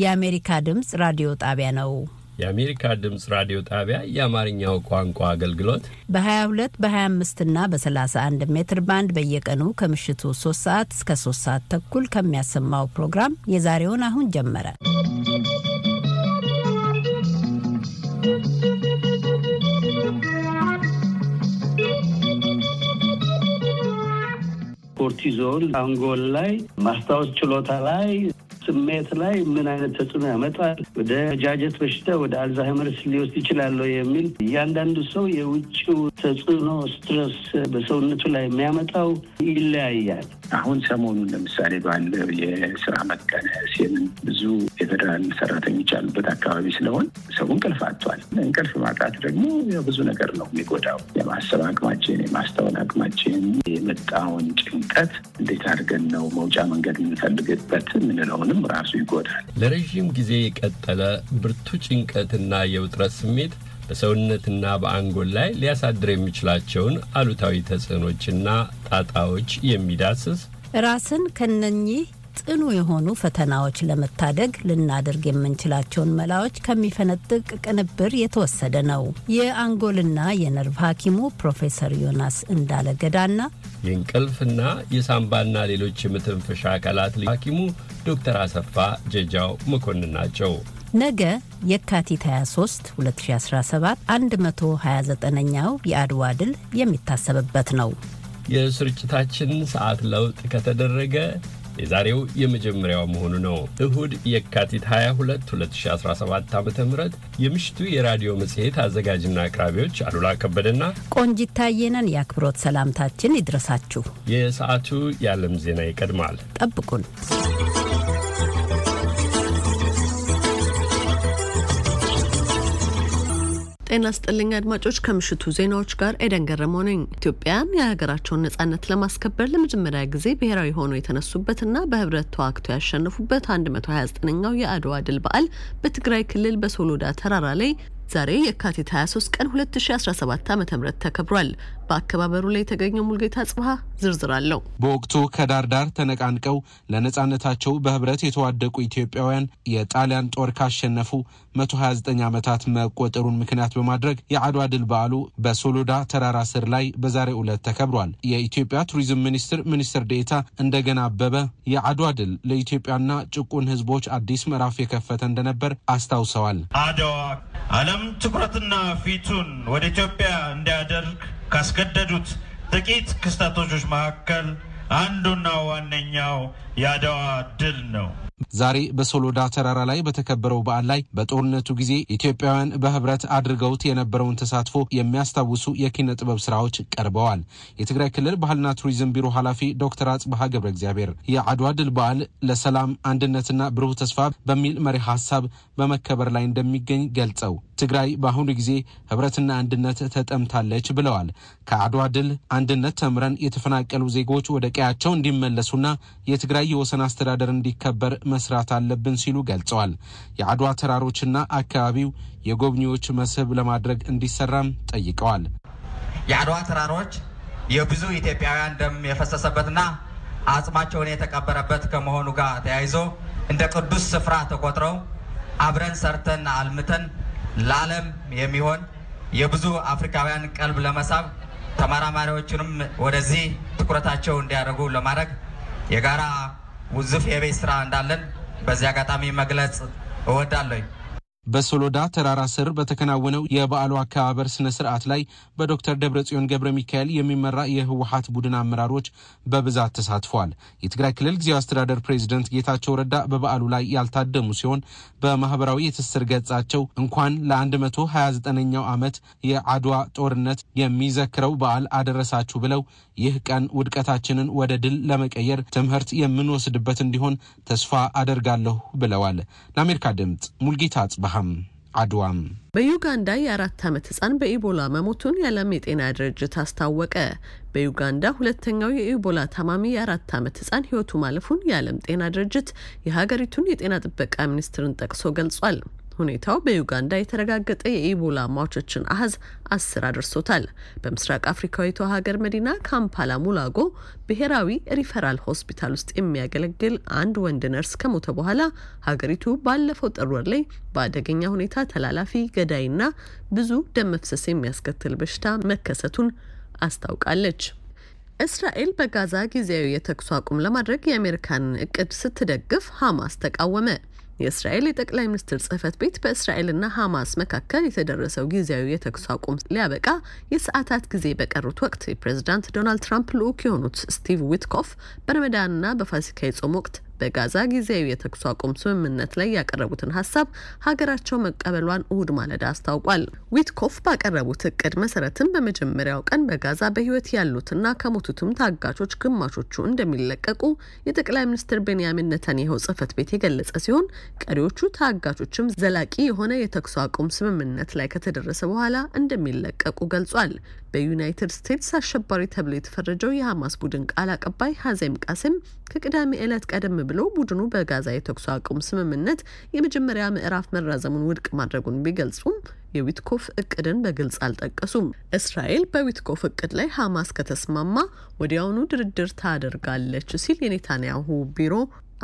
የአሜሪካ ድምፅ ራዲዮ ጣቢያ ነው። የአሜሪካ ድምፅ ራዲዮ ጣቢያ የአማርኛው ቋንቋ አገልግሎት በ22 በ25 እና በ31 ሜትር ባንድ በየቀኑ ከምሽቱ 3 ሰዓት እስከ 3 ሰዓት ተኩል ከሚያሰማው ፕሮግራም የዛሬውን አሁን ጀመረ። ኮርቲዞል አንጎል ላይ ማስታወስ ችሎታ ላይ ስሜት ላይ ምን አይነት ተጽዕኖ ያመጣል፣ ወደ ጃጀት በሽታ ወደ አልዛይመርስ ሊወስድ ይችላል የሚል እያንዳንዱ ሰው የውጭው ተጽዕኖ ስትረስ በሰውነቱ ላይ የሚያመጣው ይለያያል። አሁን ሰሞኑን ለምሳሌ ባለው የስራ መቀነስ የምን ብዙ የፌደራል ሰራተኞች ያሉበት አካባቢ ስለሆን ሰው እንቅልፍ አጥቷል። እንቅልፍ ማጣት ደግሞ ብዙ ነገር ነው የሚጎዳው። የማሰብ አቅማችን፣ የማስተዋል አቅማችን፣ የመጣውን ጭንቀት እንዴት አድርገን ነው መውጫ መንገድ የምንፈልግበት የምንለው ሰውንም ራሱ ይጎዳል። ለረዥም ጊዜ የቀጠለ ብርቱ ጭንቀትና የውጥረት ስሜት በሰውነትና በአንጎል ላይ ሊያሳድር የሚችላቸውን አሉታዊ ተጽዕኖችና ጣጣዎች የሚዳስስ ራስን ከነኚህ ጥኑ የሆኑ ፈተናዎች ለመታደግ ልናደርግ የምንችላቸውን መላዎች ከሚፈነጥቅ ቅንብር የተወሰደ ነው። የአንጎልና የነርቭ ሐኪሙ ፕሮፌሰር ዮናስ እንዳለገዳና የእንቅልፍና የሳምባና ሌሎች የመተንፈሻ አካላት ሐኪሙ ዶክተር አሰፋ ጀጃው መኮንን ናቸው። ነገ የካቲት 23 2017 129ኛው የአድዋ ድል የሚታሰብበት ነው። የስርጭታችን ሰዓት ለውጥ ከተደረገ የዛሬው የመጀመሪያው መሆኑ ነው። እሁድ የካቲት 22 2017 ዓ ም የምሽቱ የራዲዮ መጽሔት አዘጋጅና አቅራቢዎች አሉላ ከበደና ቆንጂት ታየነን የአክብሮት ሰላምታችን ይድረሳችሁ። የሰዓቱ የዓለም ዜና ይቀድማል። ጠብቁን። ጤና ስጥልኝ አድማጮች፣ ከምሽቱ ዜናዎች ጋር ኤደን ገረመው ነኝ። ኢትዮጵያን የሀገራቸውን ነጻነት ለማስከበር ለመጀመሪያ ጊዜ ብሔራዊ ሆኖ የተነሱበትና በህብረት ተዋግቶ ያሸነፉበት 129ኛው የአድዋ ድል በዓል በትግራይ ክልል በሶሎዳ ተራራ ላይ ዛሬ የካቲት 23 ቀን 2017 ዓ.ም ተከብሯል። በአከባበሩ ላይ የተገኘው ሙልጌታ ጽብሃ ዝርዝር አለው። በወቅቱ ከዳር ዳር ተነቃንቀው ለነጻነታቸው በህብረት የተዋደቁ ኢትዮጵያውያን የጣሊያን ጦር ካሸነፉ 129 ዓመታት መቆጠሩን ምክንያት በማድረግ የአድዋ ድል በዓሉ በሶሎዳ ተራራ ስር ላይ በዛሬ ዕለት ተከብሯል። የኢትዮጵያ ቱሪዝም ሚኒስትር ሚኒስትር ዴኤታ እንደገና አበበ የአድዋ ድል ለኢትዮጵያና ጭቁን ህዝቦች አዲስ ምዕራፍ የከፈተ እንደነበር አስታውሰዋል። አድዋ ዓለም ትኩረትና ፊቱን ወደ ኢትዮጵያ እንዲያደርግ ካስገ ካስገደዱት ጥቂት ክስተቶች መካከል አንዱና ዋነኛው የአድዋ ድል ነው። ዛሬ በሶሎዳ ተራራ ላይ በተከበረው በዓል ላይ በጦርነቱ ጊዜ ኢትዮጵያውያን በህብረት አድርገውት የነበረውን ተሳትፎ የሚያስታውሱ የኪነ ጥበብ ስራዎች ቀርበዋል። የትግራይ ክልል ባህልና ቱሪዝም ቢሮ ኃላፊ ዶክተር አጽበሃ ገብረ እግዚአብሔር የአድዋ ድል በዓል ለሰላም አንድነትና ብሩህ ተስፋ በሚል መሪ ሀሳብ በመከበር ላይ እንደሚገኝ ገልጸው ትግራይ በአሁኑ ጊዜ ህብረትና አንድነት ተጠምታለች ብለዋል። ከአድዋ ድል አንድነት ተምረን የተፈናቀሉ ዜጎች ወደ ቀያቸው እንዲመለሱና የትግራይ የወሰን አስተዳደር እንዲከበር መስራት አለብን ሲሉ ገልጸዋል። የአድዋ ተራሮችና አካባቢው የጎብኚዎች መስህብ ለማድረግ እንዲሰራም ጠይቀዋል። የአድዋ ተራሮች የብዙ ኢትዮጵያውያን ደም የፈሰሰበትና አጽማቸውን የተቀበረበት ከመሆኑ ጋር ተያይዞ እንደ ቅዱስ ስፍራ ተቆጥረው አብረን ሰርተን አልምተን ለዓለም የሚሆን የብዙ አፍሪካውያን ቀልብ ለመሳብ ተመራማሪዎችንም ወደዚህ ትኩረታቸው እንዲያደርጉ ለማድረግ የጋራ ውዝፍ የቤት ስራ እንዳለን በዚህ አጋጣሚ መግለጽ እወዳለሁ። በሶሎዳ ተራራ ስር በተከናወነው የበዓሉ አከባበር ስነ ስርዓት ላይ በዶክተር ደብረጽዮን ገብረ ሚካኤል የሚመራ የህወሀት ቡድን አመራሮች በብዛት ተሳትፏል። የትግራይ ክልል ጊዜያዊ አስተዳደር ፕሬዚደንት ጌታቸው ረዳ በበዓሉ ላይ ያልታደሙ ሲሆን በማህበራዊ የትስስር ገጻቸው እንኳን ለ129ኛው ዓመት የአድዋ ጦርነት የሚዘክረው በዓል አደረሳችሁ ብለው ይህ ቀን ውድቀታችንን ወደ ድል ለመቀየር ትምህርት የምንወስድበት እንዲሆን ተስፋ አደርጋለሁ ብለዋል። ለአሜሪካ ድምፅ ሙልጌታ አጽበሃም አድዋም በዩጋንዳ የአራት ዓመት ህጻን በኢቦላ መሞቱን የዓለም የጤና ድርጅት አስታወቀ። በዩጋንዳ ሁለተኛው የኢቦላ ታማሚ የአራት ዓመት ህጻን ህይወቱ ማለፉን የዓለም ጤና ድርጅት የሀገሪቱን የጤና ጥበቃ ሚኒስትርን ጠቅሶ ገልጿል። ሁኔታው በዩጋንዳ የተረጋገጠ የኢቦላ ሟቾችን አህዝ አስር አድርሶታል። በምስራቅ አፍሪካዊቷ ሀገር መዲና ካምፓላ ሙላጎ ብሔራዊ ሪፈራል ሆስፒታል ውስጥ የሚያገለግል አንድ ወንድ ነርስ ከሞተ በኋላ ሀገሪቱ ባለፈው ጥር ወር ላይ በአደገኛ ሁኔታ ተላላፊ ገዳይና ብዙ ደም መፍሰስ የሚያስከትል በሽታ መከሰቱን አስታውቃለች። እስራኤል በጋዛ ጊዜያዊ የተኩስ አቁም ለማድረግ የአሜሪካን እቅድ ስትደግፍ ሐማስ ተቃወመ። የእስራኤል የጠቅላይ ሚኒስትር ጽህፈት ቤት በእስራኤልና ሐማስ መካከል የተደረሰው ጊዜያዊ የተኩስ አቁም ሊያበቃ የሰዓታት ጊዜ በቀሩት ወቅት የፕሬዝዳንት ዶናልድ ትራምፕ ልዑክ የሆኑት ስቲቭ ዊትኮፍ በረመዳንና በፋሲካ የጾም ወቅት በጋዛ ጊዜያዊ የተኩስ አቁም ስምምነት ላይ ያቀረቡትን ሀሳብ ሀገራቸው መቀበሏን እሁድ ማለዳ አስታውቋል። ዊትኮፍ ባቀረቡት እቅድ መሰረትም በመጀመሪያው ቀን በጋዛ በህይወት ያሉትና ከሞቱትም ታጋቾች ግማሾቹ እንደሚለቀቁ የጠቅላይ ሚኒስትር ቤንያሚን ነታንያሁ ጽህፈት ቤት የገለጸ ሲሆን ቀሪዎቹ ታጋቾችም ዘላቂ የሆነ የተኩስ አቁም ስምምነት ላይ ከተደረሰ በኋላ እንደሚለቀቁ ገልጿል። በዩናይትድ ስቴትስ አሸባሪ ተብሎ የተፈረጀው የሐማስ ቡድን ቃል አቀባይ ሀዜም ቃሲም ከቅዳሜ ዕለት ቀደም ብሎ ቡድኑ በጋዛ የተኩስ አቁም ስምምነት የመጀመሪያ ምዕራፍ መራዘሙን ውድቅ ማድረጉን ቢገልጹም የዊትኮፍ እቅድን በግልጽ አልጠቀሱም። እስራኤል በዊትኮፍ እቅድ ላይ ሐማስ ከተስማማ ወዲያውኑ ድርድር ታደርጋለች ሲል የኔታንያሁ ቢሮ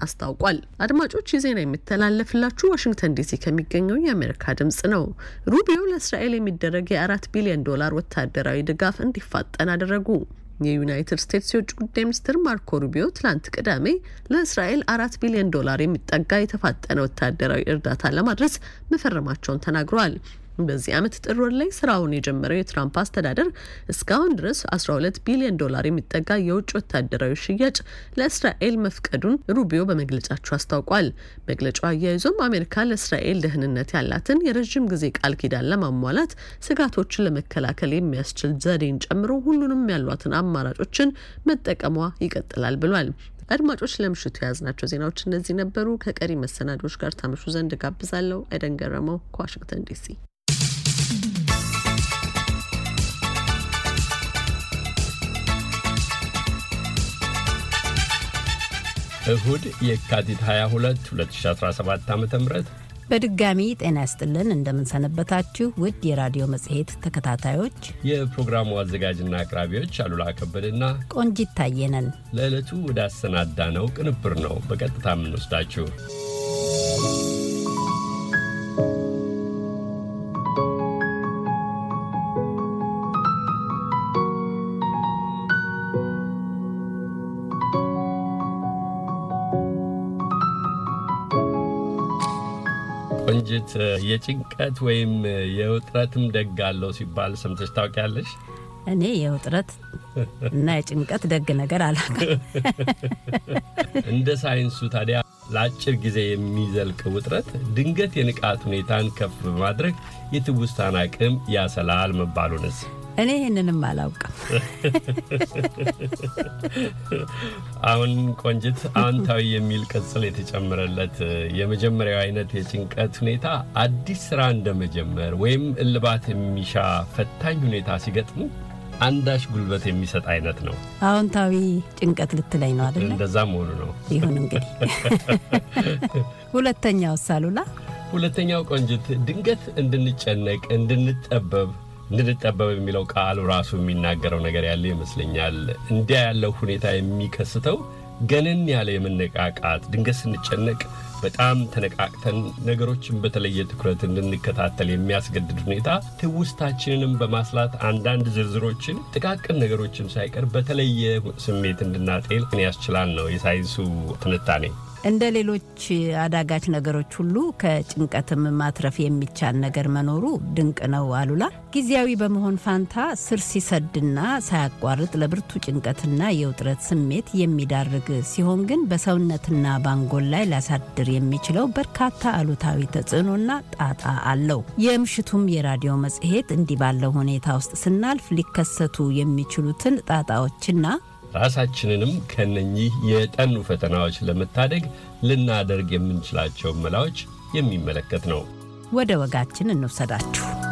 አስታውቋል። አድማጮች የዜና የሚተላለፍላችሁ ዋሽንግተን ዲሲ ከሚገኘው የአሜሪካ ድምጽ ነው። ሩቢዮ ለእስራኤል የሚደረግ የአራት ቢሊዮን ዶላር ወታደራዊ ድጋፍ እንዲፋጠን አደረጉ። የዩናይትድ ስቴትስ የውጭ ጉዳይ ሚኒስትር ማርኮ ሩቢዮ ትላንት ቅዳሜ ለእስራኤል አራት ቢሊዮን ዶላር የሚጠጋ የተፋጠነ ወታደራዊ እርዳታ ለማድረስ መፈረማቸውን ተናግረዋል። በዚህ ዓመት ጥር ወር ላይ ስራውን የጀመረው የትራምፕ አስተዳደር እስካሁን ድረስ 12 ቢሊዮን ዶላር የሚጠጋ የውጭ ወታደራዊ ሽያጭ ለእስራኤል መፍቀዱን ሩቢዮ በመግለጫቸው አስታውቋል። መግለጫው አያይዞም አሜሪካ ለእስራኤል ደህንነት ያላትን የረዥም ጊዜ ቃል ኪዳን ለማሟላት ስጋቶችን ለመከላከል የሚያስችል ዘዴን ጨምሮ ሁሉንም ያሏትን አማራጮችን መጠቀሟ ይቀጥላል ብሏል። አድማጮች ለምሽቱ የያዝናቸው ዜናዎች እነዚህ ነበሩ። ከቀሪ መሰናዶች ጋር ታመሹ ዘንድ ጋብዛለሁ። አይደን ገረመው ከዋሽንግተን ዲሲ እሁድ የካቲት 22 2017 ዓ ም በድጋሚ ጤና ያስጥልን። እንደምንሰነበታችሁ ውድ የራዲዮ መጽሔት ተከታታዮች፣ የፕሮግራሙ አዘጋጅና አቅራቢዎች አሉላ ከበድና ቆንጂት ታየነን። ለዕለቱ ወዳሰናዳ ነው ቅንብር ነው በቀጥታ የምንወስዳችሁ ስሜት የጭንቀት ወይም የውጥረትም ደግ አለው ሲባል ሰምተሽ ታውቂያለሽ? እኔ የውጥረት እና የጭንቀት ደግ ነገር አላውቅም። እንደ ሳይንሱ ታዲያ ለአጭር ጊዜ የሚዘልቅ ውጥረት ድንገት የንቃት ሁኔታን ከፍ በማድረግ የትውስታን አቅም ያሰላል መባሉንስ እኔ ይህንንም አላውቅም። አሁን ቆንጅት አዎንታዊ የሚል ቅጽል የተጨመረለት የመጀመሪያው አይነት የጭንቀት ሁኔታ አዲስ ስራ እንደመጀመር ወይም እልባት የሚሻ ፈታኝ ሁኔታ ሲገጥሙ አንዳች ጉልበት የሚሰጥ አይነት ነው። አዎንታዊ ጭንቀት ልትለኝ ነው አይደለ? እንደዛ መሆኑ ነው። ይሁን እንግዲህ ሁለተኛው ሳሉላ ሁለተኛው ቆንጅት ድንገት እንድንጨነቅ እንድንጠበብ እንድንጠበብ የሚለው ቃሉ ራሱ የሚናገረው ነገር ያለ ይመስለኛል። እንዲያ ያለው ሁኔታ የሚከስተው ገነን ያለ የመነቃቃት ድንገት ስንጨነቅ በጣም ተነቃቅተን ነገሮችን በተለየ ትኩረት እንድንከታተል የሚያስገድድ ሁኔታ ትውስታችንንም በማስላት አንዳንድ ዝርዝሮችን፣ ጥቃቅን ነገሮችን ሳይቀር በተለየ ስሜት እንድናጤል ያስችላል ነው የሳይንሱ ትንታኔ። እንደ ሌሎች አዳጋች ነገሮች ሁሉ ከጭንቀትም ማትረፍ የሚቻል ነገር መኖሩ ድንቅ ነው። አሉላ ጊዜያዊ በመሆን ፋንታ ስር ሲሰድና ሳያቋርጥ ለብርቱ ጭንቀትና የውጥረት ስሜት የሚዳርግ ሲሆን ግን በሰውነትና ባንጎል ላይ ሊያሳድር የሚችለው በርካታ አሉታዊ ተጽዕኖና ጣጣ አለው። የምሽቱም የራዲዮ መጽሔት እንዲህ ባለው ሁኔታ ውስጥ ስናልፍ ሊከሰቱ የሚችሉትን ጣጣዎችና ራሳችንንም ከነኚህ የጠኑ ፈተናዎች ለመታደግ ልናደርግ የምንችላቸው መላዎች የሚመለከት ነው። ወደ ወጋችን እንውሰዳችሁ።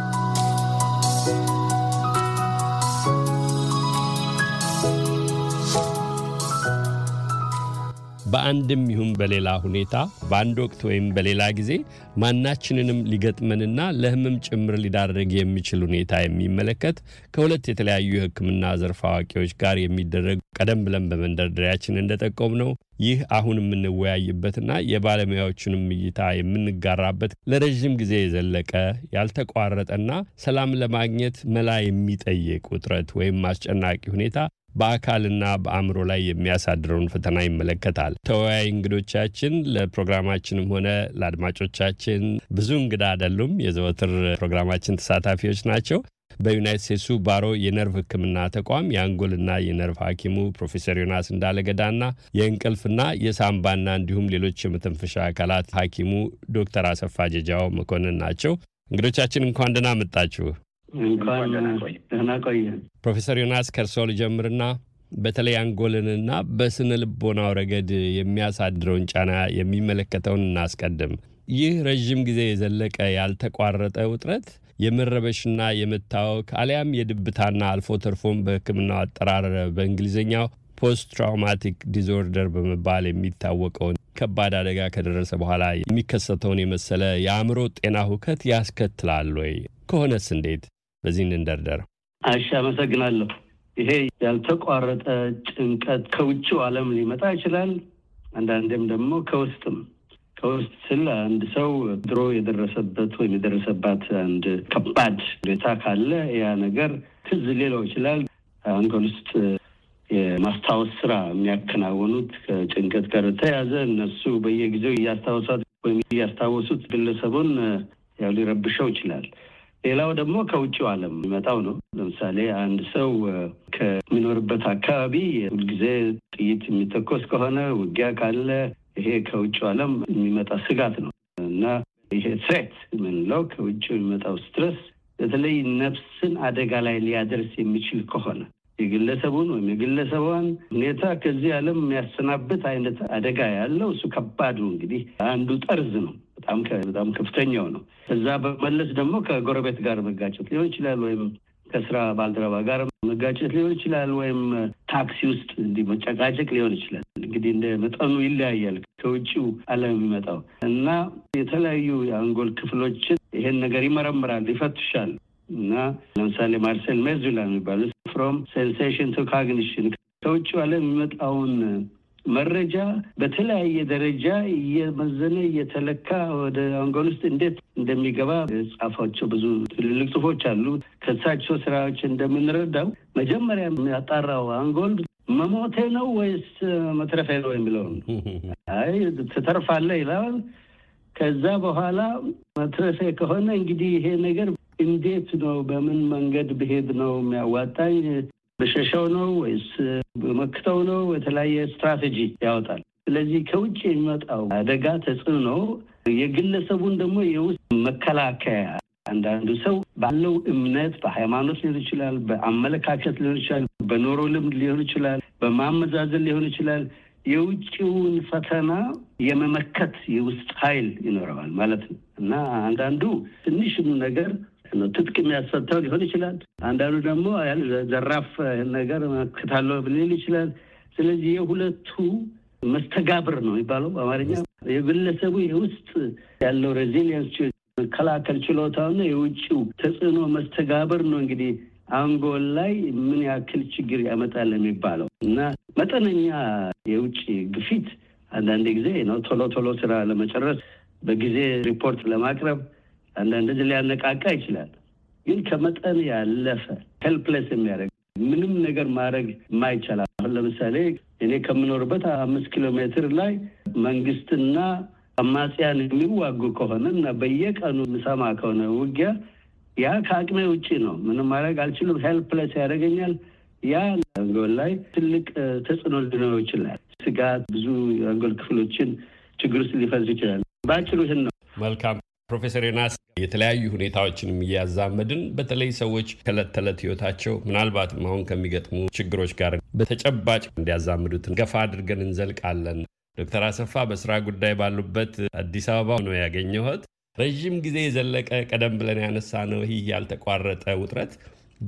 በአንድም ይሁን በሌላ ሁኔታ በአንድ ወቅት ወይም በሌላ ጊዜ ማናችንንም ሊገጥመንና ለሕመም ጭምር ሊዳረግ የሚችል ሁኔታ የሚመለከት ከሁለት የተለያዩ የሕክምና ዘርፍ አዋቂዎች ጋር የሚደረግ ቀደም ብለን በመንደርደሪያችን እንደጠቆም ነው ይህ አሁን የምንወያይበትና የባለሙያዎቹንም እይታ የምንጋራበት ለረዥም ጊዜ የዘለቀ ያልተቋረጠና ሰላም ለማግኘት መላ የሚጠይቅ ውጥረት ወይም አስጨናቂ ሁኔታ በአካልና በአእምሮ ላይ የሚያሳድረውን ፈተና ይመለከታል። ተወያይ እንግዶቻችን ለፕሮግራማችንም ሆነ ለአድማጮቻችን ብዙ እንግዳ አይደሉም። የዘወትር ፕሮግራማችን ተሳታፊዎች ናቸው። በዩናይት ስቴትሱ ባሮ የነርቭ ሕክምና ተቋም የአንጎልና የነርቭ ሐኪሙ ፕሮፌሰር ዮናስ እንዳለገዳና የእንቅልፍና የሳምባና እንዲሁም ሌሎች የመተንፈሻ አካላት ሐኪሙ ዶክተር አሰፋ ጀጃው መኮንን ናቸው። እንግዶቻችን እንኳን ደህና መጣችሁ። ፕሮፌሰር ዮናስ ከርሶል ልጀምርና በተለይ አንጎልንና በስነ ልቦናው ረገድ የሚያሳድረውን ጫና የሚመለከተውን እናስቀድም። ይህ ረዥም ጊዜ የዘለቀ ያልተቋረጠ ውጥረት የመረበሽና የመታወክ አሊያም የድብታና አልፎ ተርፎም በሕክምናው አጠራር በእንግሊዝኛው ፖስት ትራውማቲክ ዲዞርደር በመባል የሚታወቀውን ከባድ አደጋ ከደረሰ በኋላ የሚከሰተውን የመሰለ የአእምሮ ጤና ሁከት ያስከትላል ወይ? ከሆነስ እንዴት? በዚህ እንደርደር። እሺ፣ አመሰግናለሁ። ይሄ ያልተቋረጠ ጭንቀት ከውጭው ዓለም ሊመጣ ይችላል። አንዳንዴም ደግሞ ከውስጥም ከውስጥ ስል አንድ ሰው ድሮ የደረሰበት ወይም የደረሰባት አንድ ከባድ ሁኔታ ካለ ያ ነገር ትዝ ሌላው ይችላል። አሁን ውስጥ የማስታወስ ስራ የሚያከናውኑት ከጭንቀት ጋር ተያዘ እነሱ በየጊዜው እያስታወሷት ወይም እያስታወሱት ግለሰቡን ያው ሊረብሸው ይችላል። ሌላው ደግሞ ከውጭው ዓለም የሚመጣው ነው። ለምሳሌ አንድ ሰው ከሚኖርበት አካባቢ ሁልጊዜ ጥይት የሚተኮስ ከሆነ ውጊያ ካለ ይሄ ከውጭው ዓለም የሚመጣ ስጋት ነው እና ይሄ ትሬት የምንለው ከውጭ የሚመጣው ስትረስ በተለይ ነፍስን አደጋ ላይ ሊያደርስ የሚችል ከሆነ የግለሰቡን ወይም የግለሰቧን ሁኔታ ከዚህ ዓለም የሚያሰናብት አይነት አደጋ ያለው እሱ ከባድ ነው። እንግዲህ አንዱ ጠርዝ ነው። በጣም በጣም ከፍተኛው ነው። እዛ በመለስ ደግሞ ከጎረቤት ጋር መጋጨት ሊሆን ይችላል ወይም ከስራ ባልደረባ ጋር መጋጨት ሊሆን ይችላል ወይም ታክሲ ውስጥ እንዲህ መጨቃጨቅ ሊሆን ይችላል። እንግዲህ እንደ መጠኑ ይለያያል ከውጭው ዓለም የሚመጣው እና የተለያዩ የአንጎል ክፍሎችን ይሄን ነገር ይመረምራል፣ ይፈትሻል እና ለምሳሌ ማርሴል ሜዙላ የሚባሉት ፍሮም ሴንሴሽን ቱ ካግኒሽን ከውጭው ዓለም የሚመጣውን መረጃ በተለያየ ደረጃ እየመዘነ እየተለካ ወደ አንጎል ውስጥ እንዴት እንደሚገባ ጻፏቸው ብዙ ትልልቅ ጽሁፎች አሉ። ከሳቸው ስራዎች እንደምንረዳው መጀመሪያ የሚያጣራው አንጎል መሞቴ ነው ወይስ መትረፌ ነው የሚለው አይ ትተርፋለህ ይላል። ከዛ በኋላ መትረፌ ከሆነ እንግዲህ ይሄ ነገር እንዴት ነው በምን መንገድ ብሄድ ነው የሚያዋጣኝ መሸሻው ነው ወይስ በመክተው ነው? የተለያየ ስትራቴጂ ያወጣል። ስለዚህ ከውጭ የሚመጣው አደጋ ተጽዕኖ የግለሰቡን ደግሞ የውስጥ መከላከያ አንዳንዱ ሰው ባለው እምነት በሃይማኖት ሊሆን ይችላል፣ በአመለካከት ሊሆን ይችላል፣ በኖሮ ልምድ ሊሆን ይችላል፣ በማመዛዘን ሊሆን ይችላል። የውጭውን ፈተና የመመከት የውስጥ ኃይል ይኖረዋል ማለት ነው እና አንዳንዱ ትንሽም ነገር ትጥቅ የሚያስፈታው ሊሆን ይችላል። አንዳንዱ ደግሞ ዘራፍ ነገር ክታለው ሊል ይችላል። ስለዚህ የሁለቱ መስተጋብር ነው የሚባለው በአማርኛ የግለሰቡ የውስጥ ያለው ሬዚሊየንስ መከላከል ችሎታውና የውጭው ተጽዕኖ መስተጋብር ነው እንግዲህ አንጎል ላይ ምን ያክል ችግር ያመጣል የሚባለው እና መጠነኛ የውጭ ግፊት አንዳንድ ጊዜ ነው ቶሎ ቶሎ ስራ ለመጨረስ በጊዜ ሪፖርት ለማቅረብ አንዳንድ ሊያነቃቃ ይችላል። ግን ከመጠን ያለፈ ሄልፕለስ የሚያደርግ ምንም ነገር ማድረግ ማይቻላል። አሁን ለምሳሌ እኔ ከምኖርበት አምስት ኪሎ ሜትር ላይ መንግስትና አማጽያን የሚዋጉ ከሆነ እና በየቀኑ ምሰማ ከሆነ ውጊያ ያ ከአቅሜ ውጪ ነው። ምንም ማድረግ አልችልም። ሄልፕለስ ያደርገኛል። ያ አንጎል ላይ ትልቅ ተጽዕኖ ሊኖረው ይችላል። ስጋት ብዙ የአንጎል ክፍሎችን ችግር ውስጥ ሊፈዝ ይችላል። በአጭሩ ይህን ነው። መልካም ፕሮፌሰር ዮናስ የተለያዩ ሁኔታዎችንም እያዛመድን በተለይ ሰዎች ከዕለት ተዕለት ህይወታቸው ምናልባትም አሁን ከሚገጥሙ ችግሮች ጋር በተጨባጭ እንዲያዛምዱትን ገፋ አድርገን እንዘልቃለን። ዶክተር አሰፋ በስራ ጉዳይ ባሉበት አዲስ አበባ ነው ያገኘሁት። ረዥም ጊዜ የዘለቀ ቀደም ብለን ያነሳ ነው ይህ ያልተቋረጠ ውጥረት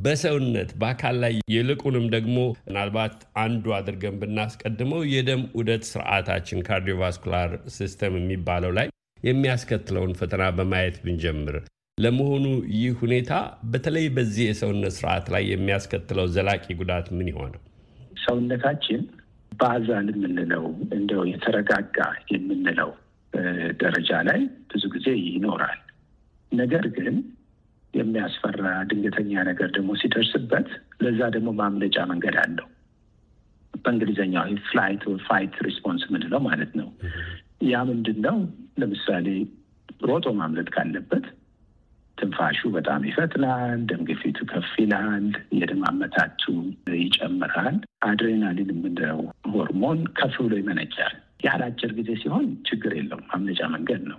በሰውነት በአካል ላይ ይልቁንም ደግሞ ምናልባት አንዱ አድርገን ብናስቀድመው የደም ውደት ስርዓታችን ካርዲዮቫስኩላር ሲስተም የሚባለው ላይ የሚያስከትለውን ፈተና በማየት ብንጀምር፣ ለመሆኑ ይህ ሁኔታ በተለይ በዚህ የሰውነት ስርዓት ላይ የሚያስከትለው ዘላቂ ጉዳት ምን ይሆነው? ሰውነታችን ባዛል የምንለው እንደው የተረጋጋ የምንለው ደረጃ ላይ ብዙ ጊዜ ይኖራል። ነገር ግን የሚያስፈራ ድንገተኛ ነገር ደግሞ ሲደርስበት ለዛ ደግሞ ማምለጫ መንገድ አለው። በእንግሊዝኛው ፍላይት ፋይት ሪስፖንስ የምንለው ማለት ነው። ያ ምንድን ነው? ለምሳሌ ሮጦ ማምለጥ ካለበት ትንፋሹ በጣም ይፈጥናል፣ ደም ግፊቱ ከፍ ይላል፣ የደም አመታቱ ይጨምራል። አድሬናሊን የምንለው ሆርሞን ከፍ ብሎ ይመነጫል። ያለ አጭር ጊዜ ሲሆን ችግር የለውም፣ ማምለጫ መንገድ ነው።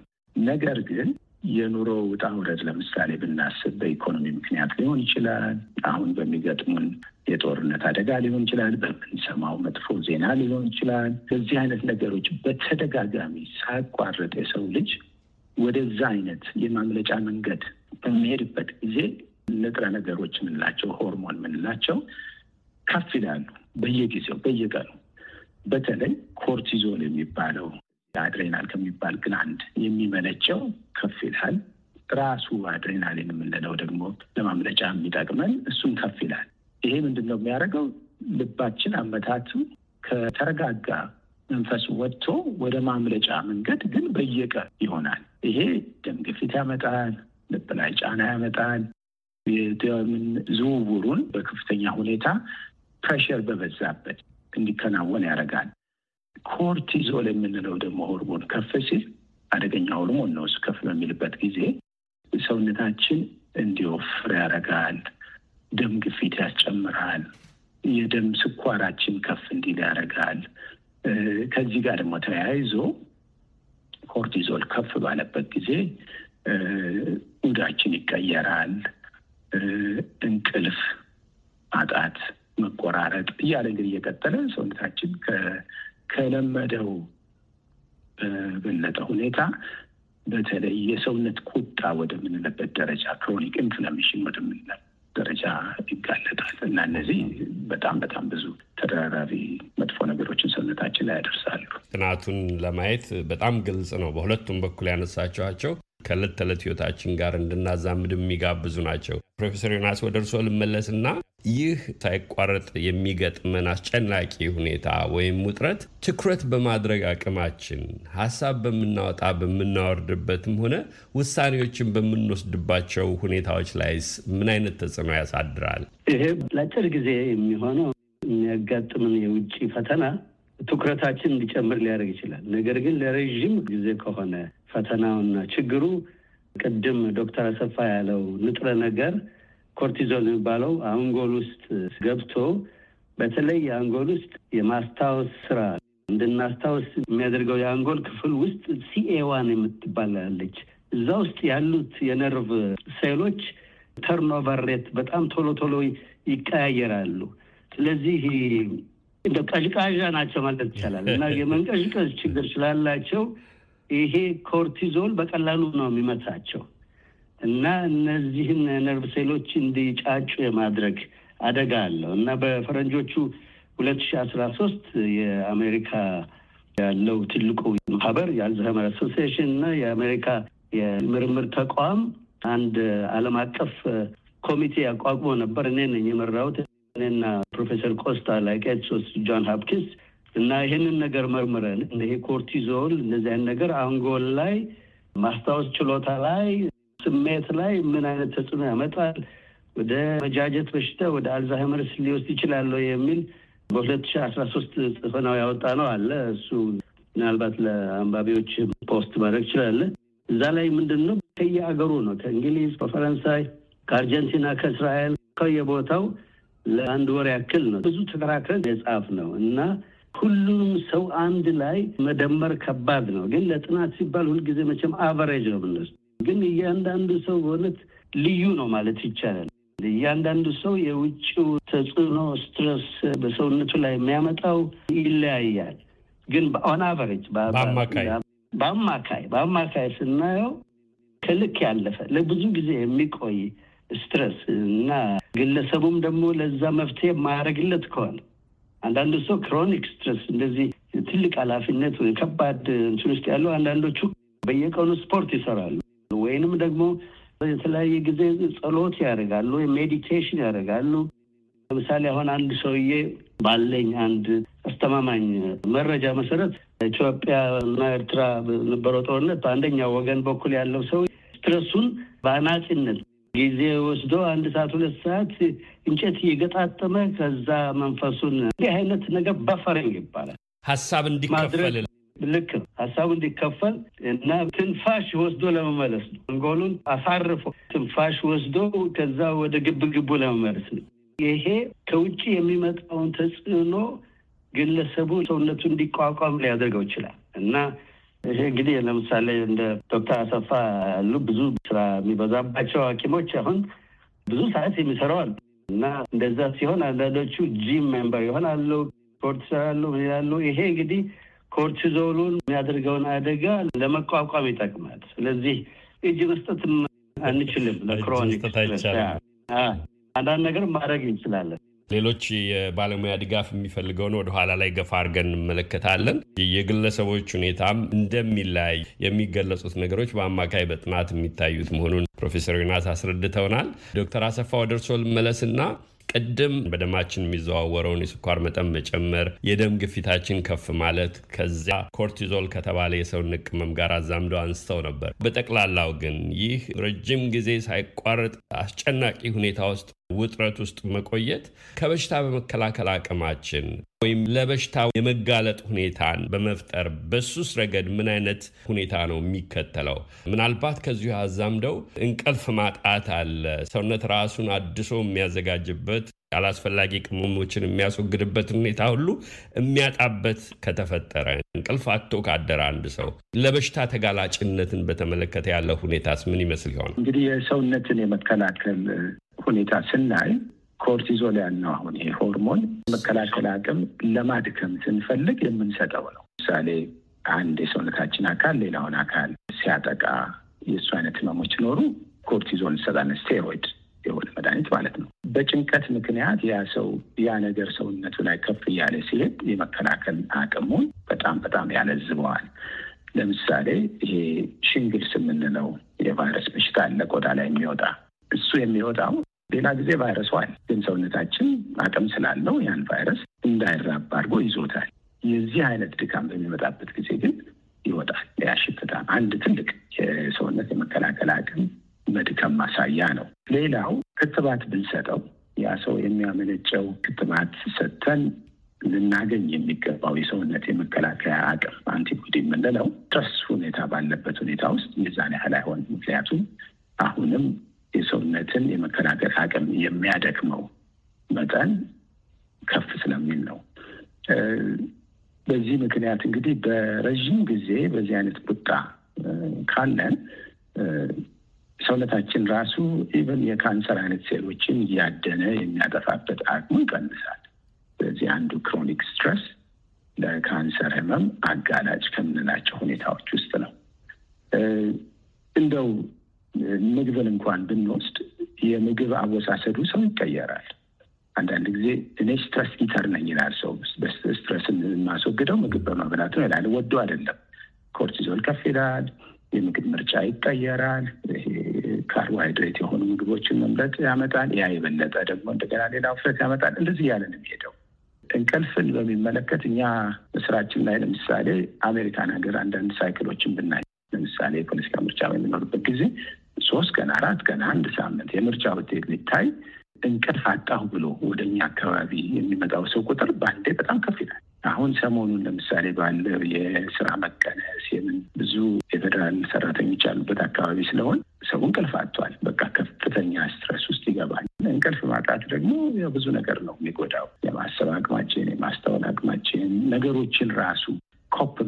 ነገር ግን የኑሮ ውጣ ውረድ ለምሳሌ ብናስብ በኢኮኖሚ ምክንያት ሊሆን ይችላል። አሁን በሚገጥሙን የጦርነት አደጋ ሊሆን ይችላል። በምንሰማው መጥፎ ዜና ሊሆን ይችላል። በዚህ አይነት ነገሮች በተደጋጋሚ ሳያቋርጥ የሰው ልጅ ወደዛ አይነት የማምለጫ መንገድ በሚሄድበት ጊዜ ንጥረ ነገሮች የምንላቸው ሆርሞን የምንላቸው ከፍ ይላሉ። በየጊዜው በየቀኑ በተለይ ኮርቲዞል የሚባለው አድሬናል ከሚባል አንድ የሚመነጨው ከፍ ይላል። ራሱ አድሬናል የምንለው ደግሞ ለማምለጫ የሚጠቅመን እሱም ከፍ ይላል። ይሄ ምንድን ነው የሚያደርገው? ልባችን አመታቱ ከተረጋጋ መንፈስ ወጥቶ ወደ ማምለጫ መንገድ ግን በየቀ ይሆናል። ይሄ ደም ግፊት ያመጣል፣ ልብ ላይ ጫና ያመጣል። የደምን ዝውውሩን በከፍተኛ ሁኔታ ፕሬሸር በበዛበት እንዲከናወን ያደርጋል። ኮርቲዞል የምንለው ደግሞ ሆርሞን ከፍ ሲል አደገኛ ሆርሞን ነው። እሱ ከፍ በሚልበት ጊዜ ሰውነታችን እንዲወፍር ያደርጋል። ደም ግፊት ያስጨምራል። የደም ስኳራችን ከፍ እንዲል ያደርጋል። ከዚህ ጋር ደግሞ ተያይዞ ኮርቲዞል ከፍ ባለበት ጊዜ ሙዳችን ይቀየራል። እንቅልፍ ማጣት፣ መቆራረጥ እያለ እንግዲህ እየቀጠለ ሰውነታችን ከለመደው በበለጠ ሁኔታ በተለይ የሰውነት ቁጣ ወደምንለበት ደረጃ ክሮኒክ ኢንፍላሜሽን ወደምንለው ደረጃ ይጋለጣል እና እነዚህ በጣም በጣም ብዙ ተደራራቢ መጥፎ ነገሮችን ሰውነታችን ላይ ያደርሳሉ። ጥናቱን ለማየት በጣም ግልጽ ነው። በሁለቱም በኩል ያነሳችኋቸው ከዕለት ተዕለት ህይወታችን ጋር እንድናዛምድ የሚጋብዙ ናቸው። ፕሮፌሰር ዮናስ ወደ እርስዎ ልመለስና ይህ ሳይቋረጥ የሚገጥመን አስጨናቂ ሁኔታ ወይም ውጥረት ትኩረት በማድረግ አቅማችን ሀሳብ በምናወጣ በምናወርድበትም ሆነ ውሳኔዎችን በምንወስድባቸው ሁኔታዎች ላይስ ምን አይነት ተጽዕኖ ያሳድራል? ይሄ ለአጭር ጊዜ የሚሆነው የሚያጋጥምን የውጭ ፈተና ትኩረታችን እንዲጨምር ሊያደርግ ይችላል። ነገር ግን ለረዥም ጊዜ ከሆነ ፈተናውና ችግሩ ቅድም ዶክተር አሰፋ ያለው ንጥረ ነገር ኮርቲዞል የሚባለው አንጎል ውስጥ ገብቶ በተለይ የአንጎል ውስጥ የማስታወስ ስራ እንድናስታወስ የሚያደርገው የአንጎል ክፍል ውስጥ ሲኤዋን የምትባላለች እዛ ውስጥ ያሉት የነርቭ ሴሎች ተርኖቨር ሬት በጣም ቶሎ ቶሎ ይቀያየራሉ። ስለዚህ እንደ ቀዥቃዣ ናቸው ማለት ይቻላል እና የመንቀዥቀዝ ችግር ስላላቸው ይሄ ኮርቲዞል በቀላሉ ነው የሚመታቸው እና እነዚህን ነርቭ ሴሎች እንዲጫጩ የማድረግ አደጋ አለው እና በፈረንጆቹ ሁለት ሺ አስራ ሶስት የአሜሪካ ያለው ትልቁ ማህበር የአልዛይመር አሶሲሽን እና የአሜሪካ የምርምር ተቋም አንድ ዓለም አቀፍ ኮሚቴ ያቋቁሞ ነበር። እኔ ነኝ የመራሁት። እኔና ፕሮፌሰር ኮስታ ላይቀት ጆን ሀፕኪንስ እና ይህንን ነገር መርምረን ይሄ ኮርቲዞል እነዚያን ነገር አንጎል ላይ ማስታወስ ችሎታ ላይ ስሜት ላይ ምን አይነት ተጽዕኖ ያመጣል፣ ወደ መጃጀት በሽታ ወደ አልዛይመርስ ሊወስድ ይችላለሁ የሚል በሁለት ሺ አስራ ሶስት ጽፈናው ያወጣ ነው አለ። እሱ ምናልባት ለአንባቢዎች ፖስት ማድረግ ይችላለ። እዛ ላይ ምንድን ነው ከየአገሩ ነው ከእንግሊዝ፣ ከፈረንሳይ፣ ከአርጀንቲና፣ ከእስራኤል ከየቦታው ለአንድ ወር ያክል ነው ብዙ ተከራክረን የጻፍ ነው እና ሁሉንም ሰው አንድ ላይ መደመር ከባድ ነው። ግን ለጥናት ሲባል ሁልጊዜ መቼም አቨሬጅ ነው ብንወስድ፣ ግን እያንዳንዱ ሰው በእውነት ልዩ ነው ማለት ይቻላል። እያንዳንዱ ሰው የውጭው ተጽዕኖ ስትረስ በሰውነቱ ላይ የሚያመጣው ይለያያል። ግን ኦን አቨሬጅ በአማካይ በአማካይ ስናየው ከልክ ያለፈ ለብዙ ጊዜ የሚቆይ ስትረስ እና ግለሰቡም ደግሞ ለዛ መፍትሄ ማያደርግለት ከሆነ አንዳንድ ሰው ክሮኒክ ስትረስ እንደዚህ ትልቅ ኃላፊነት ወይም ከባድ እንትን ውስጥ ያለው፣ አንዳንዶቹ በየቀኑ ስፖርት ይሰራሉ ወይንም ደግሞ የተለያየ ጊዜ ጸሎት ያደርጋሉ ወይም ሜዲቴሽን ያደርጋሉ። ለምሳሌ አሁን አንድ ሰውዬ ባለኝ አንድ አስተማማኝ መረጃ መሰረት ኢትዮጵያ እና ኤርትራ በነበረው ጦርነት በአንደኛው ወገን በኩል ያለው ሰው ስትረሱን በአናጺነት ጊዜ ወስዶ አንድ ሰዓት ሁለት ሰዓት እንጨት እየገጣጠመ ከዛ መንፈሱን እንዲህ አይነት ነገር በፈረንግ ይባላል። ሀሳብ እንዲከፈል ልክ ነው። ሀሳቡ እንዲከፈል እና ትንፋሽ ወስዶ ለመመለስ ነው። አንጎሉን አሳርፎ ትንፋሽ ወስዶ ከዛ ወደ ግብ ግቡ ለመመለስ ነው። ይሄ ከውጭ የሚመጣውን ተጽዕኖ ግለሰቡ ሰውነቱ እንዲቋቋም ሊያደርገው ይችላል እና ይህ እንግዲህ ለምሳሌ እንደ ዶክተር አሰፋ ያሉ ብዙ ስራ የሚበዛባቸው ሐኪሞች አሁን ብዙ ሰዓት የሚሰራዋል እና እንደዛ ሲሆን አንዳንዶቹ ጂም ሜምበር ይሆናሉ፣ ስፖርት ይሰራሉ ይላሉ። ይሄ እንግዲህ ኮርቲዞሉን የሚያደርገውን አደጋ ለመቋቋም ይጠቅማል። ስለዚህ እጅ መስጠትም አንችልም ለክሮኒክ አንዳንድ ነገር ማድረግ እንችላለን። ሌሎች የባለሙያ ድጋፍ የሚፈልገውን ወደኋላ ላይ ገፋ አድርገን እንመለከታለን። የግለሰቦች ሁኔታም እንደሚለያይ የሚገለጹት ነገሮች በአማካይ በጥናት የሚታዩት መሆኑን ፕሮፌሰር ዮናስ አስረድተውናል። ዶክተር አሰፋ ወደ እርሶ ልመለስና ቅድም በደማችን የሚዘዋወረውን የስኳር መጠን መጨመር፣ የደም ግፊታችን ከፍ ማለት ከዚያ ኮርቲዞል ከተባለ የሰውነት ቅመም ጋር አዛምዶ አንስተው ነበር። በጠቅላላው ግን ይህ ረጅም ጊዜ ሳይቋረጥ አስጨናቂ ሁኔታ ውስጥ ውጥረት ውስጥ መቆየት ከበሽታ በመከላከል አቅማችን ወይም ለበሽታ የመጋለጥ ሁኔታን በመፍጠር በሱስ ረገድ ምን አይነት ሁኔታ ነው የሚከተለው? ምናልባት ከዚሁ አዛምደው እንቅልፍ ማጣት አለ። ሰውነት ራሱን አድሶ የሚያዘጋጅበት አላስፈላጊ ቅመሞችን የሚያስወግድበትን ሁኔታ ሁሉ የሚያጣበት ከተፈጠረ እንቅልፍ አቶ ካደረ አንድ ሰው ለበሽታ ተጋላጭነትን በተመለከተ ያለው ሁኔታስ ምን ይመስል ይሆን? እንግዲህ የሰውነትን የመከላከል ሁኔታ ስናይ ኮርቲዞል ያልነው አሁን ይሄ ሆርሞን መከላከል አቅም ለማድከም ስንፈልግ የምንሰጠው ነው። ምሳሌ አንድ የሰውነታችን አካል ሌላውን አካል ሲያጠቃ የእሱ አይነት ህመሞች ሲኖሩ ኮርቲዞል እንሰጣለን። ስቴሮይድ የሆነ መድኃኒት ማለት ነው። በጭንቀት ምክንያት ያ ሰው ያ ነገር ሰውነቱ ላይ ከፍ እያለ ሲሄድ የመከላከል አቅሙን በጣም በጣም ያለዝበዋል። ለምሳሌ ይሄ ሽንግልስ የምንለው የቫይረስ በሽታ አለ፣ ቆዳ ላይ የሚወጣ እሱ የሚወጣው ሌላ ጊዜ ቫይረሱ አለ፣ ግን ሰውነታችን አቅም ስላለው ያን ቫይረስ እንዳይራብ አድርጎ ይዞታል። የዚህ አይነት ድካም በሚመጣበት ጊዜ ግን ይወጣል። ያሽፍታ አንድ ትልቅ የሰውነት የመከላከል አቅም መድከም ማሳያ ነው። ሌላው ክትባት ብንሰጠው ያ ሰው የሚያመነጨው ክትባት ሰጥተን ልናገኝ የሚገባው የሰውነት የመከላከያ አቅም አንቲቦዲ የምንለው ትረስ ሁኔታ ባለበት ሁኔታ ውስጥ የዛን ያህል አይሆን። ምክንያቱም አሁንም የሰውነትን የመከላከል አቅም የሚያደክመው መጠን ከፍ ስለሚል ነው። በዚህ ምክንያት እንግዲህ በረዥም ጊዜ በዚህ አይነት ቁጣ ካለን ሰውነታችን ራሱ ኢቨን የካንሰር አይነት ሴሎችን እያደነ የሚያጠፋበት አቅሙ ይቀንሳል። በዚህ አንዱ ክሮኒክ ስትረስ ለካንሰር ህመም አጋላጭ ከምንላቸው ሁኔታዎች ውስጥ ነው። እንደው ምግብን እንኳን ብንወስድ የምግብ አወሳሰዱ ሰው ይቀየራል። አንዳንድ ጊዜ እኔ ስትረስ ኢተር ነኝ ይላል ሰው። ስትረስን የማስወግደው ምግብ በማብላት ነው ይላል። ወዶ አይደለም። ኮርቲዞል ከፍ ይላል። የምግብ ምርጫ ይቀየራል። ካርቦሃይድሬት የሆኑ ምግቦችን መምረጥ ያመጣል። ያ የበለጠ ደግሞ እንደገና ሌላ ውፍረት ያመጣል። እንደዚህ እያለ ነው የሚሄደው። እንቅልፍን በሚመለከት እኛ ስራችን ላይ ለምሳሌ አሜሪካን ሀገር አንዳንድ ሳይክሎችን ብናይ ለምሳሌ የፖለቲካ ምርጫ በሚኖርበት ጊዜ ሶስት ቀን አራት ቀን አንድ ሳምንት የምርጫ ውጤት ሊታይ እንቅልፍ አጣሁ ብሎ ወደኛ አካባቢ የሚመጣው ሰው ቁጥር በአንዴ በጣም ከፍ ይላል። አሁን ሰሞኑን ለምሳሌ ባለው የስራ መቀነስ የምን ብዙ የፌደራል ሰራተኞች ያሉበት አካባቢ ስለሆን ሰው እንቅልፍ አጥቷል። በቃ ከፍተኛ ስትረስ ውስጥ ይገባል። እንቅልፍ ማጣት ደግሞ ብዙ ነገር ነው የሚጎዳው። የማሰብ አቅማችን፣ የማስተዋል አቅማችን ነገሮችን ራሱ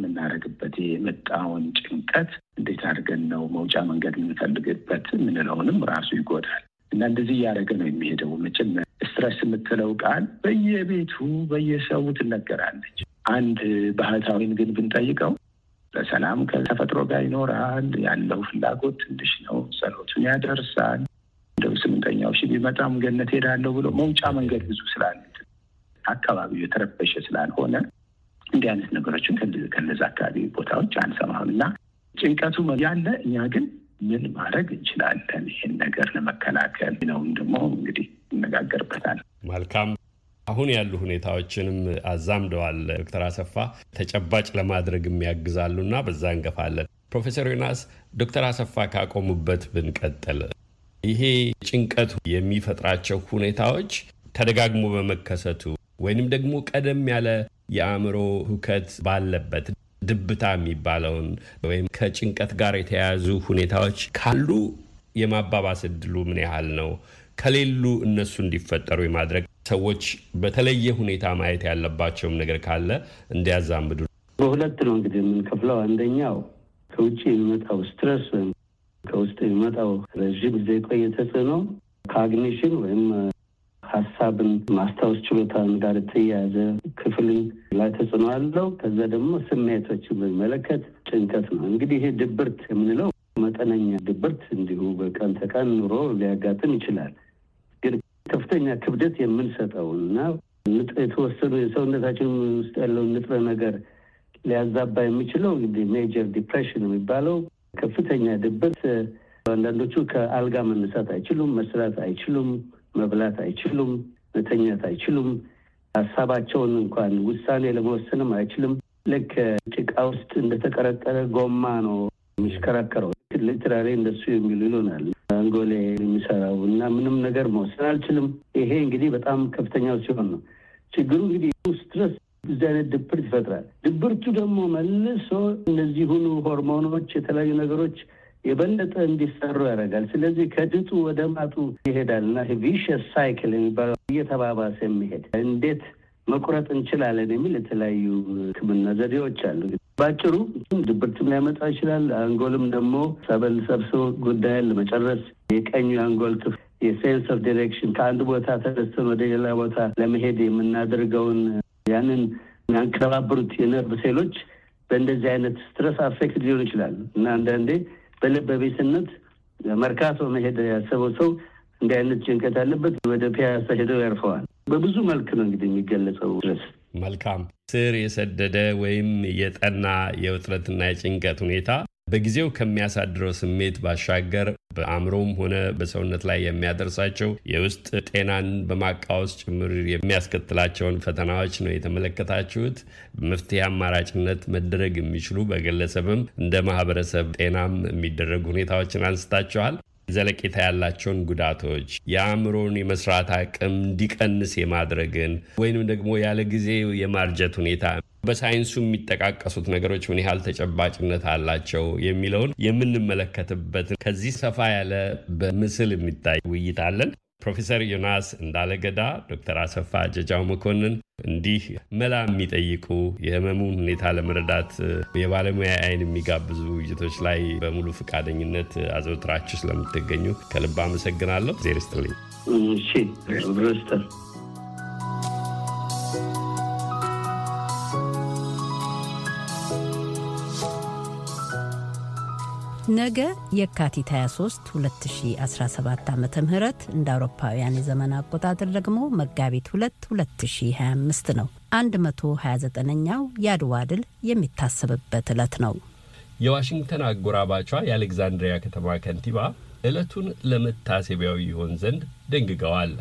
የምናደርግበት የመጣውን ጭንቀት እንዴት አድርገን ነው መውጫ መንገድ የምንፈልግበት የምንለውንም ራሱ ይጎዳል እና እንደዚህ እያደረገ ነው የሚሄደው። መቼም ስትረስ የምትለው ቃል በየቤቱ በየሰው ትነገራለች። አንድ ባህታዊን ግን ብንጠይቀው በሰላም ከተፈጥሮ ጋር ይኖራል ያለው ፍላጎት ትንሽ ነው፣ ጸሎቱን ያደርሳል እንደው ስምንተኛው ሺ ቢመጣም ገነት ሄዳለሁ ብሎ መውጫ መንገድ ብዙ ስላለ አካባቢው የተረበሸ ስላልሆነ እንዲህ አይነት ነገሮችን ከነዚ አካባቢ ቦታዎች አንሰማም እና ጭንቀቱ ያለ እኛ ግን ምን ማድረግ እንችላለን ይህን ነገር ለመከላከል ነውም ደግሞ እንግዲህ ይነጋገርበታል። መልካም አሁን ያሉ ሁኔታዎችንም አዛምደዋል ዶክተር አሰፋ ተጨባጭ ለማድረግም ያግዛሉና በዛ እንገፋለን። ፕሮፌሰር ዮናስ ዶክተር አሰፋ ካቆሙበት ብንቀጥል ይሄ ጭንቀቱ የሚፈጥራቸው ሁኔታዎች ተደጋግሞ በመከሰቱ ወይንም ደግሞ ቀደም ያለ የአእምሮ ሁከት ባለበት ድብታ የሚባለውን ወይም ከጭንቀት ጋር የተያያዙ ሁኔታዎች ካሉ የማባባስ እድሉ ምን ያህል ነው? ከሌሉ እነሱ እንዲፈጠሩ የማድረግ ሰዎች በተለየ ሁኔታ ማየት ያለባቸውም ነገር ካለ እንዲያዛምዱ በሁለት ነው እንግዲህ የምንከፍለው። አንደኛው ከውጭ የሚመጣው ስትረስ ወይም ከውስጥ የሚመጣው ረዥም ጊዜ የቆየ ተጽዕኖ ካግኒሽን ወይም ሀሳብን ማስታወስ ችሎታን ጋር የተያያዘ ክፍልን ላይ ተጽዕኖ አለው። ከዛ ደግሞ ስሜቶችን በሚመለከት ጭንቀት ነው። እንግዲህ ይሄ ድብርት የምንለው መጠነኛ ድብርት እንዲሁ በቀን ተቀን ኑሮ ሊያጋጥም ይችላል። ግን ከፍተኛ ክብደት የምንሰጠው እና የተወሰኑ የሰውነታችን ውስጥ ያለውን ንጥረ ነገር ሊያዛባ የሚችለው እንግዲህ ሜጀር ዲፕሬሽን የሚባለው ከፍተኛ ድብርት አንዳንዶቹ ከአልጋ መነሳት አይችሉም፣ መስራት አይችሉም፣ መብላት አይችሉም፣ መተኛት አይችሉም፣ ሀሳባቸውን እንኳን ውሳኔ ለመወሰንም አይችልም። ልክ ጭቃ ውስጥ እንደተቀረቀረ ጎማ ነው የሚሽከረከረው። ሊትራሪ እንደሱ የሚሉ ይሉናል አንጎሌ የሚሰራው እና ምንም ነገር መወሰን አልችልም። ይሄ እንግዲህ በጣም ከፍተኛው ሲሆን ነው ችግሩ። እንግዲህ ስትረስ እዚህ አይነት ድብርት ይፈጥራል። ድብርቱ ደግሞ መልሶ ሁኑ ሆርሞኖች፣ የተለያዩ ነገሮች የበለጠ እንዲሰሩ ያደርጋል። ስለዚህ ከድጡ ወደ ማጡ ይሄዳል እና ቪሸስ ሳይክል የሚባለው እየተባባሰ የሚሄድ እንዴት መቁረጥ እንችላለን የሚል የተለያዩ ሕክምና ዘዴዎች አሉ። ባጭሩ ድብርትም ሊያመጣ ይችላል። አንጎልም ደግሞ ሰበል ሰብስቦ ጉዳይን ለመጨረስ የቀኙ የአንጎል ክፍ የሴንስ ኦፍ ዲሬክሽን ከአንድ ቦታ ተነስተን ወደ ሌላ ቦታ ለመሄድ የምናደርገውን ያንን የሚያንከባብሩት የነርቭ ሴሎች በእንደዚህ አይነት ስትረስ አፌክት ሊሆን ይችላል እና አንዳንዴ በልበቤስነት መርካቶ መሄድ ያሰበው ሰው እንዲህ አይነት ጭንቀት ያለበት ወደ ፒያሳ ሄደው ያርፈዋል። በብዙ መልክ ነው እንግዲህ የሚገለጸው ድረስ መልካም ስር የሰደደ ወይም የጠና የውጥረትና የጭንቀት ሁኔታ በጊዜው ከሚያሳድረው ስሜት ባሻገር በአእምሮም ሆነ በሰውነት ላይ የሚያደርሳቸው የውስጥ ጤናን በማቃወስ ጭምር የሚያስከትላቸውን ፈተናዎች ነው የተመለከታችሁት። መፍትሄ አማራጭነት መደረግ የሚችሉ በግለሰብም እንደ ማህበረሰብ ጤናም የሚደረጉ ሁኔታዎችን አንስታችኋል። ዘለቄታ ያላቸውን ጉዳቶች የአእምሮን የመስራት አቅም እንዲቀንስ የማድረግን ወይንም ደግሞ ያለ ጊዜ የማርጀት ሁኔታ በሳይንሱ የሚጠቃቀሱት ነገሮች ምን ያህል ተጨባጭነት አላቸው የሚለውን የምንመለከትበትን ከዚህ ሰፋ ያለ በምስል የሚታይ ውይይት አለን። ፕሮፌሰር ዮናስ እንዳለገዳ፣ ዶክተር አሰፋ ጀጃው መኮንን እንዲህ መላ የሚጠይቁ የህመሙን ሁኔታ ለመረዳት የባለሙያ አይን የሚጋብዙ ውይይቶች ላይ በሙሉ ፈቃደኝነት አዘውትራችሁ ስለምትገኙ ከልብ አመሰግናለሁ። ዜር ይስጥልኝ። እሺ ነገ የካቲት 23 2017 ዓ ም እንደ አውሮፓውያን የዘመን አቆጣጠር ደግሞ መጋቢት 2 2025 ነው። 129ኛው የአድዋ ድል የሚታሰብበት ዕለት ነው። የዋሽንግተን አጎራባቿ የአሌግዛንድሪያ ከተማ ከንቲባ ዕለቱን ለመታሰቢያው ይሆን ዘንድ ደንግገዋል።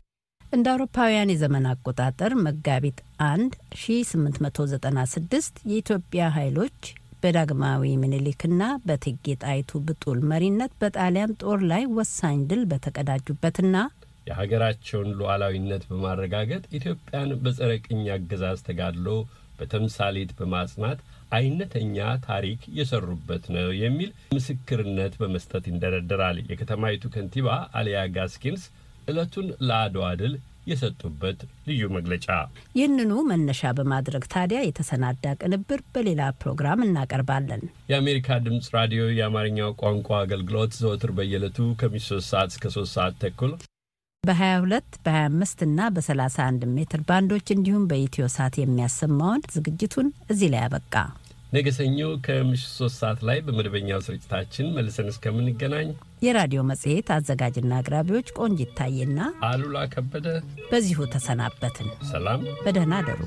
እንደ አውሮፓውያን የዘመን አቆጣጠር መጋቢት 1 1896 የኢትዮጵያ ኃይሎች በዳግማዊ ምኒልክና በእቴጌ ጣይቱ ብጡል መሪነት በጣሊያን ጦር ላይ ወሳኝ ድል በተቀዳጁበትና የሀገራቸውን ሉዓላዊነት በማረጋገጥ ኢትዮጵያን በጸረ ቅኝ አገዛዝ ተጋድሎ በተምሳሌት በማጽናት አይነተኛ ታሪክ የሰሩበት ነው የሚል ምስክርነት በመስጠት ይንደረደራል። የከተማይቱ ከንቲባ አሊያ ጋስኪንስ ዕለቱን ለአድዋ ድል የሰጡበት ልዩ መግለጫ። ይህንኑ መነሻ በማድረግ ታዲያ የተሰናዳ ቅንብር በሌላ ፕሮግራም እናቀርባለን። የአሜሪካ ድምፅ ራዲዮ የአማርኛው ቋንቋ አገልግሎት ዘወትር በየዕለቱ ከምሽቱ 3 ሰዓት እስከ 3 ሰዓት ተኩል በ22 በ25 እና በ31 ሜትር ባንዶች እንዲሁም በኢትዮ ሳት የሚያሰማውን ዝግጅቱን እዚህ ላይ አበቃ። ነገ ሰኞ ከምሽቱ 3 ሰዓት ላይ በመደበኛው ስርጭታችን መልሰን እስከምንገናኝ የራዲዮ መጽሔት አዘጋጅና አቅራቢዎች ቆንጅ ይታየና አሉላ ከበደ በዚሁ ተሰናበትን። ሰላም፣ በደህና አደሩ።